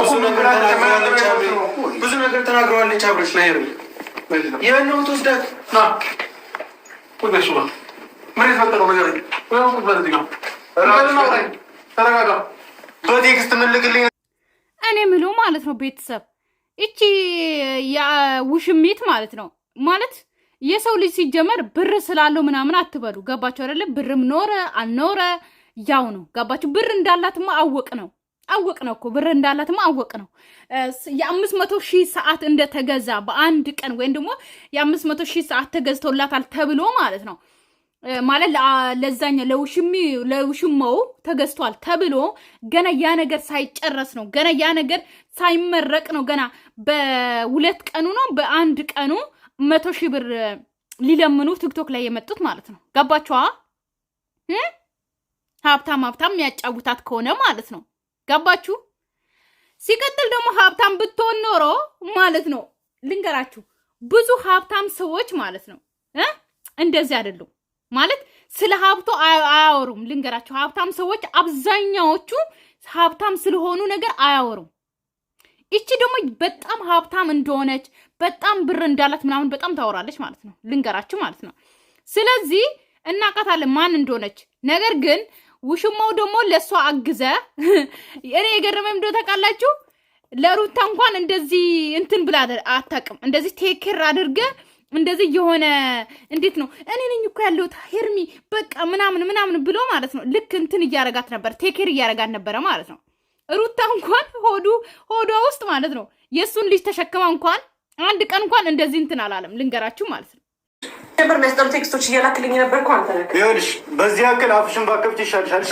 ብዙ ነገር ተናግረዋለች። አብረሽ ላይ እኔ ምለው ማለት ነው ቤተሰብ እቺ ውሽሚት ማለት ነው ማለት የሰው ልጅ ሲጀመር ብር ስላለው ምናምን አትበሉ። ገባችሁ አይደለ? ብርም ኖረ አልኖረ ያው ነው። ገባችሁ? ብር እንዳላትማ አወቅ ነው አወቅ ነው እኮ ብር እንዳላትማ አወቅ ነው። የአምስት መቶ ሺህ ሰዓት እንደተገዛ በአንድ ቀን ወይም ደግሞ የአምስት መቶ ሺህ ሰዓት ተገዝቶላታል ተብሎ ማለት ነው ማለት ለዛኛው ለውሽሚ ለውሽማው ተገዝቷል ተብሎ ገና ያ ነገር ሳይጨረስ ነው ገና ያ ነገር ሳይመረቅ ነው ገና በሁለት ቀኑ ነው በአንድ ቀኑ መቶ ሺህ ብር ሊለምኑ ቲክቶክ ላይ የመጡት ማለት ነው። ገባችኋ? ሀብታም ሀብታም የሚያጫውታት ከሆነ ማለት ነው ገባችሁ? ሲቀጥል ደግሞ ሀብታም ብትሆን ኖሮ ማለት ነው ልንገራችሁ፣ ብዙ ሀብታም ሰዎች ማለት ነው እንደዚህ አይደሉም ማለት ስለ ሀብቶ አያወሩም። ልንገራችሁ፣ ሀብታም ሰዎች አብዛኛዎቹ ሀብታም ስለሆኑ ነገር አያወሩም። ይቺ ደግሞ በጣም ሀብታም እንደሆነች በጣም ብር እንዳላት ምናምን በጣም ታወራለች ማለት ነው ልንገራችሁ ማለት ነው። ስለዚህ እናቃታለን ማን እንደሆነች ነገር ግን ውሽማው ደግሞ ለእሷ አግዘ። እኔ የገረመኝ ምዶ ነው ታውቃላችሁ? ለሩታ እንኳን እንደዚህ እንትን ብላ አታውቅም። እንደዚህ ቴክር አድርገ እንደዚህ የሆነ እንዴት ነው እኔ ነኝ እኮ ያለሁት ሄርሚ በቃ ምናምን ምናምን ብሎ ማለት ነው። ልክ እንትን እያረጋት ነበር፣ ቴክር እያረጋት ነበረ ማለት ነው። ሩታ እንኳን ሆዱ ሆዷ ውስጥ ማለት ነው የእሱን ልጅ ተሸክማ እንኳን አንድ ቀን እንኳን እንደዚህ እንትን አላለም። ልንገራችሁ ማለት ነው ጀምር የሚያስጠሉ ቴክስቶች እያላክልኝ ነበር እኮ አንተ ነህ። ይኸውልሽ በዚህ ያክል አፍሽን ባከብች ይሻልሻል።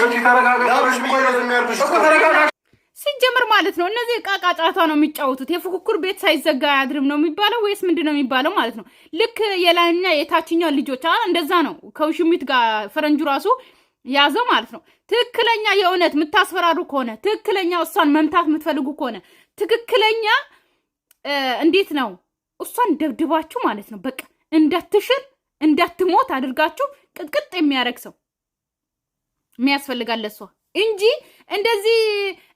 ሲጀምር ማለት ነው እነዚህ ዕቃ ዕቃ ጨዋታ ነው የሚጫወቱት። የፉክክር ቤት ሳይዘጋ አያድርም ነው የሚባለው ወይስ ምንድን ነው የሚባለው ማለት ነው? ልክ የላይኛ የታችኛው ልጆች እንደዛ ነው። ከውሽሚት ጋር ፈረንጁ ራሱ ያዘው ማለት ነው። ትክክለኛ የእውነት የምታስፈራሩ ከሆነ ትክክለኛ እሷን መምታት የምትፈልጉ ከሆነ ትክክለኛ እንዴት ነው እሷን ደብድባችሁ ማለት ነው በቃ እንዳትሽር እንዳትሞት አድርጋችሁ ቅጥቅጥ የሚያደርግ ሰው የሚያስፈልጋል ለእሷ እንጂ እንደዚህ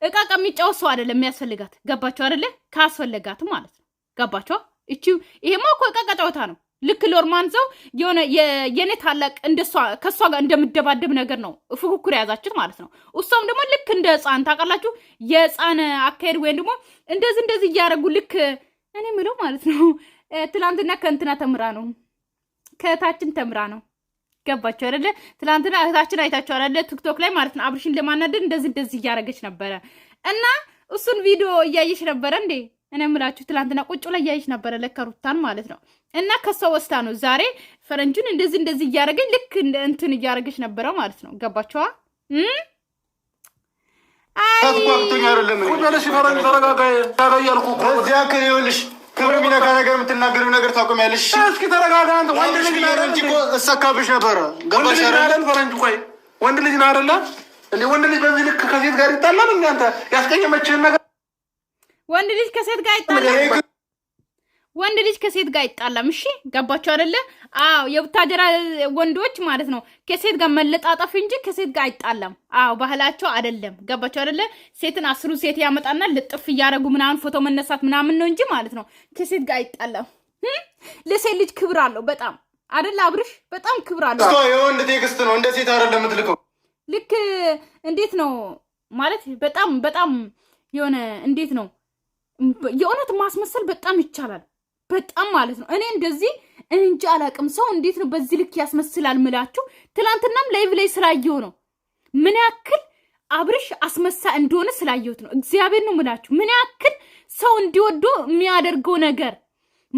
እቃ የሚጫወት ሰው አይደለም የሚያስፈልጋት። ገባችሁ አደለ ካስፈለጋትም ማለት ነው። ገባችሁ? እቺ ይሄማ እኮ እቃ ጨዋታ ነው። ልክ ሎርማን ሰው የሆነ የኔ ታላቅ እንደሷ ከሷ ጋር እንደምደባደብ ነገር ነው ፉክክር የያዛችሁት ማለት ነው። እሷም ደግሞ ልክ እንደ ህፃን ታውቃላችሁ፣ የህፃን አካሄድ ወይም ደግሞ እንደዚህ እንደዚህ እያደረጉ ልክ እኔ ምለው ማለት ነው ትላንትና ከእንትና ተምራ ነው ከእህታችን ተምራ ነው። ገባቸው አይደለ? ትናንትና እህታችን አይታቸው አይደለ? ቲክቶክ ላይ ማለት ነው። አብርሽን ለማናደድ እንደዚህ እንደዚህ እያደረገች ነበረ እና እሱን ቪዲዮ እያየች ነበረ እንዴ እኔ ምላችሁ ትላንትና ቁጭ ላይ እያየች ነበረ ለከሩታን ማለት ነው። እና ከሷ ወስታ ነው ዛሬ ፈረንጁን እንደዚህ እንደዚህ እያደረገኝ ልክ እንትን እያደረገች ነበረ ማለት ነው። ገባቸዋ አይ ክብር ቢነካ ነገር የምትናገር ነገር ታቆሚያለሽ። እስኪ ተረጋጋ። አንተ ወንድ ልጅ እንጂ እኮ እሰካብሽ ነበረ። ገባሽ አይደል? ፈረንጅ ቆይ፣ ወንድ ልጅ ነህ አይደለ? ወንድ ልጅ በዚህ ልክ ከሴት ጋር ይጣላል? እንደ አንተ ያስቀየመችህን ነገር ወንድ ልጅ ከሴት ጋር ይጣላል። ወንድ ልጅ ከሴት ጋር አይጣላም። እሺ ገባችሁ አይደለ? አዎ የቡታጀራ ወንዶች ማለት ነው ከሴት ጋር መለጣጠፍ እንጂ ከሴት ጋር አይጣላም። አዎ ባህላቸው አይደለም። ገባችሁ አይደለ? ሴትን አስሩ ሴት ያመጣና ልጥፍ እያደረጉ ምናምን ፎቶ መነሳት ምናምን ነው እንጂ ማለት ነው ከሴት ጋር አይጣላም። ለሴት ልጅ ክብር አለው በጣም አይደለ? አብርሽ በጣም ክብር አለው። የወንድ ቴክስት ነው እንደ ሴት አይደለም የምትልከው። ልክ እንዴት ነው ማለት በጣም በጣም የሆነ እንዴት ነው የእውነት ማስመሰል በጣም ይቻላል። በጣም ማለት ነው። እኔ እንደዚህ እንጂ አላቅም። ሰው እንዴት ነው በዚህ ልክ ያስመስላል ምላችሁ። ትናንትናም ላይቭ ላይ ስላየው ነው ምን ያክል አብርሽ አስመሳ እንደሆነ ስላየሁት ነው። እግዚአብሔር ነው ምላችሁ። ምን ያክል ሰው እንዲወዶ የሚያደርገው ነገር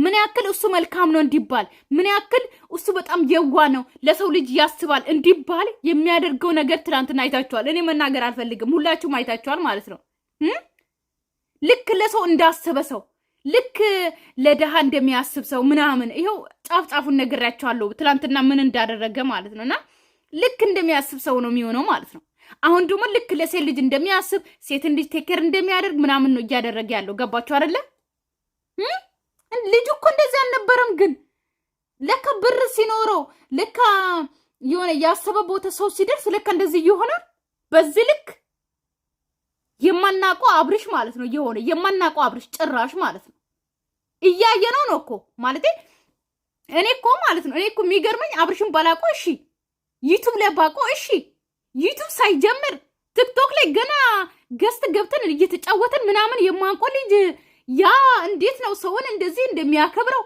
ምን ያክል እሱ መልካም ነው እንዲባል፣ ምን ያክል እሱ በጣም የዋ ነው ለሰው ልጅ ያስባል እንዲባል የሚያደርገው ነገር ትናንትና አይታችኋል። እኔ መናገር አልፈልግም፣ ሁላችሁም አይታችኋል ማለት ነው። ልክ ለሰው እንዳሰበ ሰው ልክ ለድሃ እንደሚያስብ ሰው ምናምን ይኸው ጫፍ ጫፉን ነግሬያቸዋለሁ። ትላንትና ምን እንዳደረገ ማለት ነው። እና ልክ እንደሚያስብ ሰው ነው የሚሆነው ማለት ነው። አሁን ደግሞ ልክ ለሴት ልጅ እንደሚያስብ ሴትን ልጅ ቴኬር እንደሚያደርግ ምናምን ነው እያደረገ ያለው። ገባችሁ አደለ ልጁ እኮ እንደዚህ አልነበረም። ግን ለካ ብር ሲኖረው ለካ የሆነ ያሰበ ቦታ ሰው ሲደርስ ለካ እንደዚህ እየሆነ በዚህ ልክ የማናውቀው አብርሽ ማለት ነው የሆነ የማናውቀው አብርሽ ጭራሽ ማለት ነው። እያየ ነው ነው እኮ ማለት እኔ እኮ ማለት ነው እኔ እኮ የሚገርመኝ አብርሽን ባላቆ እሺ፣ ዩቱብ ላይ ባቆ እሺ፣ ዩቱብ ሳይጀምር ቲክቶክ ላይ ገና ገስት ገብተን እየተጫወተን ምናምን የማንቆ ልጅ ያ እንዴት ነው ሰውን እንደዚህ እንደሚያከብረው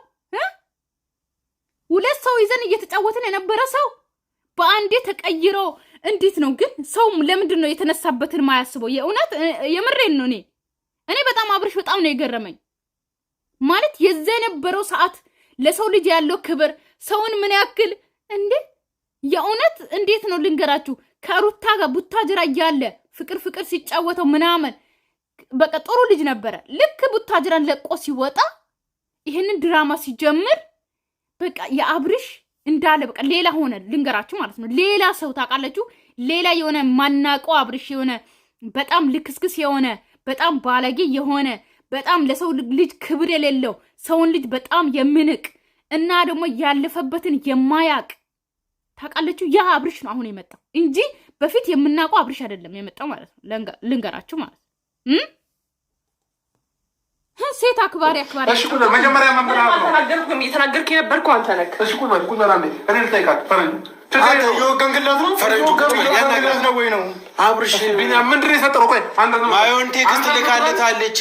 ሁለት ሰው ይዘን እየተጫወትን የነበረ ሰው በአንዴ ተቀይሮ እንዴት ነው ግን ሰው ለምንድን ነው የተነሳበትን ማያስበው? የእውነት የምሬን ነው። እኔ እኔ በጣም አብርሽ በጣም ነው የገረመኝ። ማለት የዛ የነበረው ሰዓት ለሰው ልጅ ያለው ክብር ሰውን ምን ያክል እንዴ! የእውነት እንዴት ነው ልንገራችሁ፣ ከሩታ ጋር ቡታጅራ እያለ ፍቅር ፍቅር ሲጫወተው ምናምን በቃ ጥሩ ልጅ ነበረ። ልክ ቡታጅራን ለቆ ሲወጣ ይህንን ድራማ ሲጀምር በቃ የአብርሽ እንዳለ በቃ ሌላ ሆነ። ልንገራችሁ ማለት ነው ሌላ ሰው ታውቃላችሁ፣ ሌላ የሆነ ማናቀው አብርሽ የሆነ በጣም ልክስክስ የሆነ በጣም ባለጌ የሆነ በጣም ለሰው ልጅ ክብር የሌለው ሰውን ልጅ በጣም የሚንቅ እና ደግሞ ያለፈበትን የማያቅ ታውቃለችሁ። ያ አብርሽ ነው አሁን የመጣው እንጂ በፊት የምናውቀው አብርሽ አይደለም የመጣው ማለት ነው። ልንገራችሁ ማለት ነው። ሴት አክባሪ አክባሪ መጀመሪያ የነበርኩ አንተ ነህ። ፈረንጁ ምንድን ነው የፈጠረው? ቆይ ማየውን ቴክስት ልካለታለች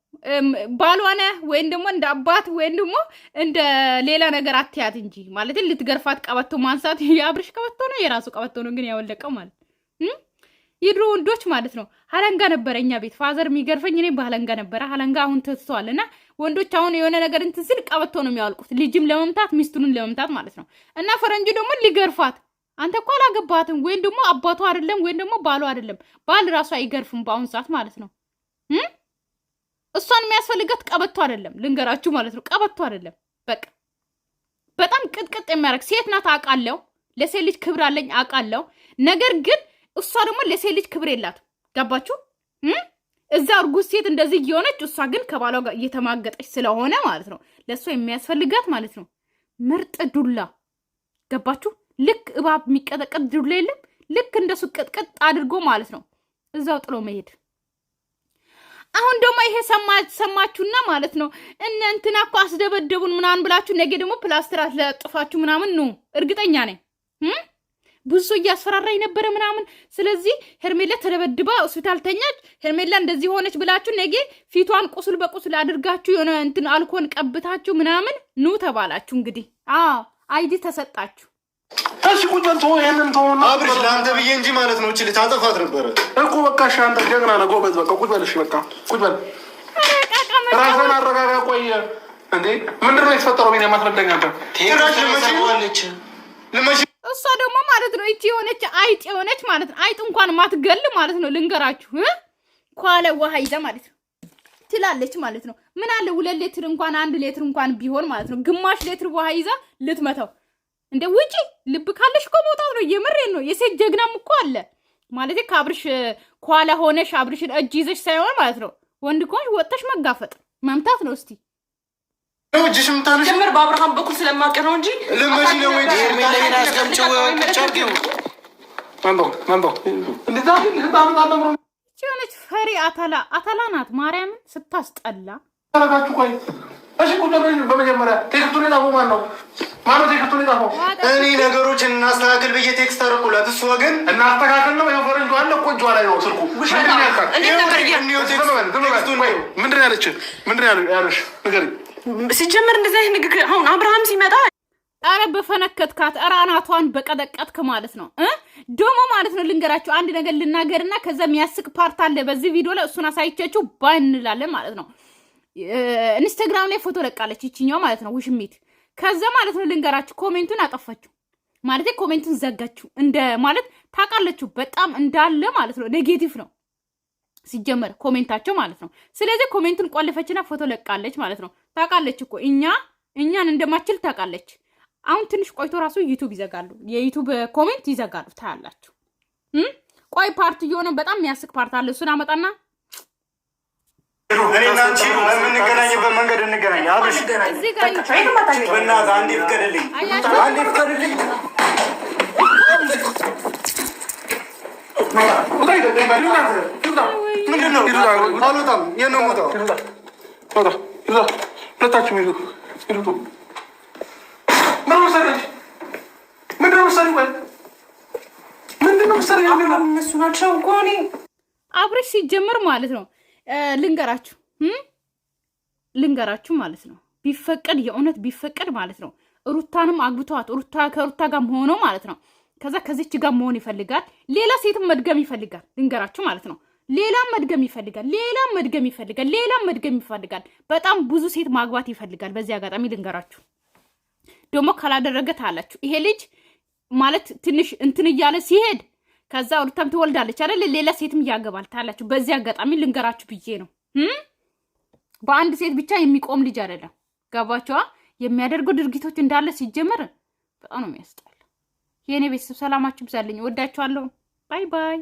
ባሏነ ወይም ደግሞ እንደ አባት ወይም ደግሞ እንደ ሌላ ነገር አትያት እንጂ ማለት ልትገርፋት ቀበቶ ማንሳት የአብርሽ ቀበቶ ነው፣ የራሱ ቀበቶ ነው ግን ያወለቀው ማለት የድሮ ወንዶች ማለት ነው። አለንጋ ነበረ እኛ ቤት ፋዘር የሚገርፈኝ እኔ በአለንጋ ነበረ። አለንጋ አሁን ተስተዋል እና ወንዶች አሁን የሆነ ነገር እንትን ሲል ቀበቶ ነው የሚያወልቁት፣ ልጅም ለመምታት ሚስቱንም ለመምታት ማለት ነው። እና ፈረንጁ ደግሞ ሊገርፋት አንተ እኮ አላገባትም ወይም ደግሞ አባቱ አይደለም ወይም ደግሞ ባሉ አይደለም፣ ባል ራሱ አይገርፍም በአሁን ሰዓት ማለት ነው። እሷን የሚያስፈልጋት ቀበቶ አይደለም፣ ልንገራችሁ ማለት ነው። ቀበቶ አይደለም፣ በቃ በጣም ቅጥቅጥ የሚያደርግ ሴት ናት፣ አውቃለሁ። ለሴት ልጅ ክብር አለኝ፣ አውቃለሁ። ነገር ግን እሷ ደግሞ ለሴት ልጅ ክብር የላትም። ገባችሁ? እዛ እርጉዝ ሴት እንደዚህ እየሆነች እሷ ግን ከባሏ ጋር እየተማገጠች ስለሆነ ማለት ነው ለእሷ የሚያስፈልጋት ማለት ነው ምርጥ ዱላ። ገባችሁ? ልክ እባብ የሚቀጠቀጥ ዱላ የለም ልክ እንደሱ ቅጥቅጥ አድርጎ ማለት ነው እዛው ጥሎ መሄድ አሁን ደግሞ ይሄ ሰማችሁና ማለት ነው እነ እንትና እኮ አስደበደቡን ምናምን ብላችሁ ነገ ደግሞ ፕላስተር አትለጥፋችሁ ምናምን ነው እርግጠኛ ነኝ። ብዙ እያስፈራራ ነበረ ምናምን። ስለዚህ ሄርሜላ ተደበድባ ሆስፒታል ተኛች፣ ሄርሜላ እንደዚህ ሆነች ብላችሁ ነገ ፊቷን ቁስል በቁስል አድርጋችሁ የሆነ እንትን አልኮን ቀብታችሁ ምናምን ኑ ተባላችሁ። እንግዲህ አዎ አይዲ ተሰጣችሁ። እሺ ቁጭ በል ተወው፣ ይሄንን አብርሽ፣ ለአንተ ብዬ እንጂ ማለት ነው። እቺ ታጠፋት ነበረ እኮ በቃ እሺ፣ አንተ ጀግና ነህ ጎበዝ። በቃ ቁጭ በል እሺ፣ በቃ ቁጭ በል፣ ራስህን አረጋጋ። ቆይ እንዴ ምንድን ነው የተፈጠረው? ቢኒ ማስረዳኝ አንተ እሷ ደግሞ ማለት ነው ይቺ የሆነች አይጥ የሆነች ማለት ነው አይጥ እንኳን ማትገል ማለት ነው። ልንገራችሁ ኳለ ውሃ ይዛ ማለት ነው ትላለች ማለት ነው። ምን አለ ሁለት ሌትር እንኳን አንድ ሌትር እንኳን ቢሆን ማለት ነው ግማሽ ሌትር ውሃ ይዛ ልትመታው እንደ ውጪ ልብ ካለሽ እኮ መውጣት ነው። የምሬን ነው። የሴት ጀግናም እኮ አለ ማለት ከአብርሽ ከኋላ ሆነሽ አብርሽን እጅ ይዘሽ ሳይሆን ማለት ነው ወንድ ከሆንሽ ወጥተሽ መጋፈጥ መምታት ነው። እስቲ ጀምር በአብርሃም በኩል ስለማቀ ነው እንጂ የሆነች ፈሪ አታላ አታላ ናት። ማርያምን ስታስጠላ እሺ ቁጥር በመጀመሪያ ቴክስቱን የጻፈው ማን ነው? ማን ነው ቴክስቱን የጻፈው? እኔ ነገሮችን እናስተካክል ብዬ ቴክስት አደረኩላት። እሱ ወገን እናስተካክል ነው። ያው ፈረንጁ አለ ቆንጆ ላይ ነው ስልኩ። ምንድን ነው ያለችህ? ምንድን ነው ያለሽ? ንገሪኝ። ሲጀምር እንደዚህ አይነት ንግግር አሁን አብርሃም ሲመጣ አረ በፈነከትካት አረ አናቷን በቀጠቀጥክ ማለት ነው እ ደግሞ ማለት ነው ልንገራችሁ አንድ ነገር ልናገርና ከዛ የሚያስቅ ፓርት አለ በዚህ ቪዲዮ ላይ እሱን አሳይቻችሁ ባንላለን ማለት ነው ኢንስታግራም ላይ ፎቶ ለቃለች ይችኛው ማለት ነው ውሽሚት። ከዛ ማለት ነው ልንገራችሁ፣ ኮሜንቱን አጠፋችሁ ማለት ኮሜንቱን ዘጋችሁ። እንደ ማለት ታውቃለችሁ፣ በጣም እንዳለ ማለት ነው ኔጌቲቭ ነው ሲጀመር ኮሜንታቸው ማለት ነው። ስለዚህ ኮሜንቱን ቆልፈችና ፎቶ ለቃለች ማለት ነው። ታውቃለች እኮ እኛ እኛን እንደማችል ታውቃለች። አሁን ትንሽ ቆይቶ ራሱ ዩቱብ ይዘጋሉ፣ የዩቱብ ኮሜንት ይዘጋሉ። ታያላችሁ። ቆይ ፓርት እየሆነ በጣም የሚያስቅ ፓርት አለ። እሱን አመጣና እኔና አንቺ መንገድ እንገናኝ። አብሽ በእናትህ አንዴ ፍቀድልኝ፣ አንዴ ፍቀድልኝ። ምንድን ነው አልወጣም። የት ነው የምወጣው? ምን ምንድን ነው ምንድን ነው እነሱ ናቸው እኮ እኔ አብረሽ ሲጀመር ማለት ነው ልንገራችሁ ልንገራችሁ ማለት ነው ቢፈቀድ የእውነት ቢፈቀድ ማለት ነው ሩታንም አግብተዋት ሩታ ከሩታ ጋር መሆነው ማለት ነው ከዛ ከዚች ጋር መሆን ይፈልጋል። ሌላ ሴትም መድገም ይፈልጋል። ልንገራችሁ ማለት ነው ሌላም መድገም ይፈልጋል። ሌላም መድገም ይፈልጋል። ሌላም መድገም ይፈልጋል። በጣም ብዙ ሴት ማግባት ይፈልጋል። በዚህ አጋጣሚ ልንገራችሁ ደግሞ ካላደረገ ታላችሁ ይሄ ልጅ ማለት ትንሽ እንትን እያለ ሲሄድ ከዛ ሁለታም ትወልዳለች አይደል? ሌላ ሴትም እያገባል ታላችሁ። በዚህ አጋጣሚ ልንገራችሁ ብዬ ነው። በአንድ ሴት ብቻ የሚቆም ልጅ አይደለም። ገባችኋ? የሚያደርገው ድርጊቶች እንዳለ ሲጀመር በጣም ነው የሚያስጠላ። የእኔ ቤተሰብ ሰላማችሁ ብዛልኝ። ወዳችኋለሁ። ባይ ባይ።